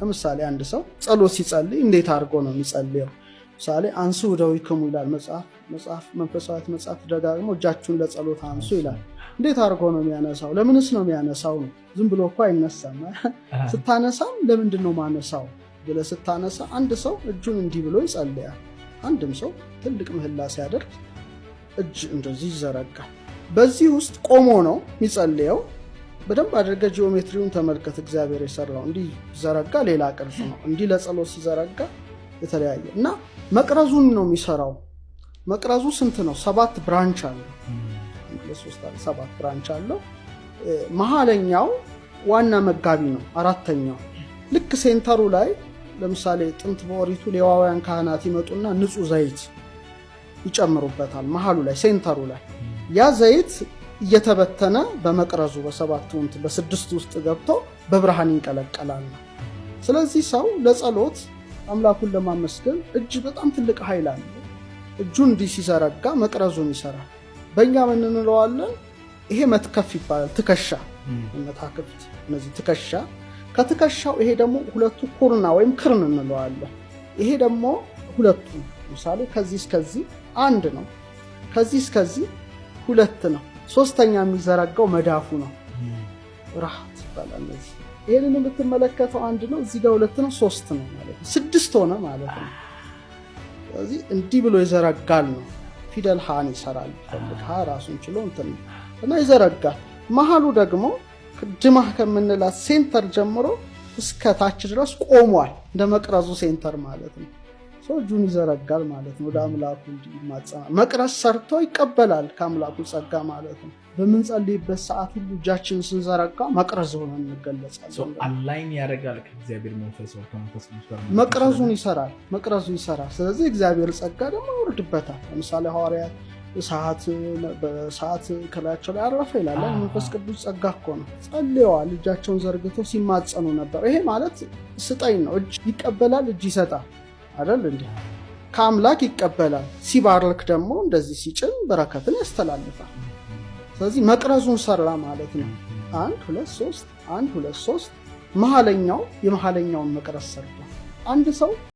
ለምሳሌ አንድ ሰው ጸሎት ሲጸልይ እንዴት አድርጎ ነው የሚጸልየው? ምሳሌ አንሱ እደዊክሙ ይላል መጽሐፍ መጽሐፍ መንፈሳዊት መጽሐፍ ደጋግሞ እጃችሁን ለጸሎት አንሱ ይላል። እንዴት አድርጎ ነው የሚያነሳው? ለምንስ ነው የሚያነሳው? ነው ዝም ብሎ እኳ አይነሳም። ስታነሳም ለምንድን ነው ማነሳው ብለ ስታነሳ አንድ ሰው እጁን እንዲህ ብሎ ይጸልያል። አንድም ሰው ትልቅ ምህላ ሲያደርግ እጅ እንደዚህ ይዘረጋል። በዚህ ውስጥ ቆሞ ነው የሚጸልየው በደንብ አድርገ ጂኦሜትሪውን ተመልከት። እግዚአብሔር የሰራው እንዲህ ዘረጋ፣ ሌላ ቅርጽ ነው። እንዲህ ለጸሎት ሲዘረጋ የተለያየ እና መቅረዙን ነው የሚሰራው። መቅረዙ ስንት ነው? ሰባት ብራንች አለው። ሰባት ብራንች አለው። መሀለኛው ዋና መጋቢ ነው። አራተኛው ልክ ሴንተሩ ላይ ለምሳሌ ጥንት በኦሪቱ ሌዋውያን ካህናት ይመጡና ንጹህ ዘይት ይጨምሩበታል። መሀሉ ላይ ሴንተሩ ላይ ያ ዘይት እየተበተነ በመቅረዙ በሰባት በሰባቱ በስድስት ውስጥ ገብቶ በብርሃን ይንቀለቀላል። ስለዚህ ሰው ለጸሎት አምላኩን ለማመስገን እጅ በጣም ትልቅ ኃይል አለው። እጁ እንዲህ ሲዘረጋ መቅረዙን ይሰራል። በእኛ ምን እንለዋለን? ይሄ መትከፍ ይባላል። ትከሻ መታክፍት፣ እነዚህ ትከሻ ከትከሻው ይሄ ደግሞ ሁለቱ ኩርና ወይም ክርን እንለዋለን። ይሄ ደግሞ ሁለቱ ምሳሌ ከዚህ እስከዚህ አንድ ነው፣ ከዚህ እስከዚህ ሁለት ነው። ሶስተኛ የሚዘረጋው መዳፉ ነው። ራት ይባላል። ይህንን የምትመለከተው አንድ ነው፣ እዚህ ጋር ሁለት ነው፣ ሶስት ነው ማለት ነው። ስድስት ሆነ ማለት ነው። ስለዚህ እንዲህ ብሎ ይዘረጋል ነው። ፊደል ሀን ይሰራል ፈልግ ሀ ራሱን ችሎ እንትን እና ይዘረጋል። መሀሉ ደግሞ ድማህ ከምንላት ሴንተር ጀምሮ እስከ ታች ድረስ ቆሟል። እንደ መቅረዙ ሴንተር ማለት ነው። ሰው እጁን ይዘረጋል ማለት ነው። ወደ አምላኩ እንዲማጸና መቅረስ ሰርቶ ይቀበላል ከአምላኩ ጸጋ ማለት ነው። በምንጸልይበት ሰዓት ሁሉ እጃችንን ስንዘረጋ መቅረዝ ሆነ እንገለጻለን። አላይን ያደርጋል ከእግዚአብሔር መንፈስ መቅረዙን ይሰራል መቅረዙ ይሰራል። ስለዚህ እግዚአብሔር ጸጋ ደግሞ ይወርድበታል። ለምሳሌ ሐዋርያት ሰዓት ከላያቸው ላይ አረፈ ይላለ መንፈስ ቅዱስ ጸጋ እኮ ነው። ጸልየዋል፣ እጃቸውን ዘርግተው ሲማጸኑ ነበር። ይሄ ማለት ስጠኝ ነው። እጅ ይቀበላል፣ እጅ ይሰጣል። አይደል እንዲ ከአምላክ ይቀበላል። ሲባርክ ደግሞ እንደዚህ ሲጭን በረከትን ያስተላልፋል። ስለዚህ መቅረዙን ሰራ ማለት ነው። አንድ ሁለት ሶስት አንድ ሁለት ሶስት መሀለኛው የመሀለኛውን መቅረዝ ሰርቷል። አንድ ሰው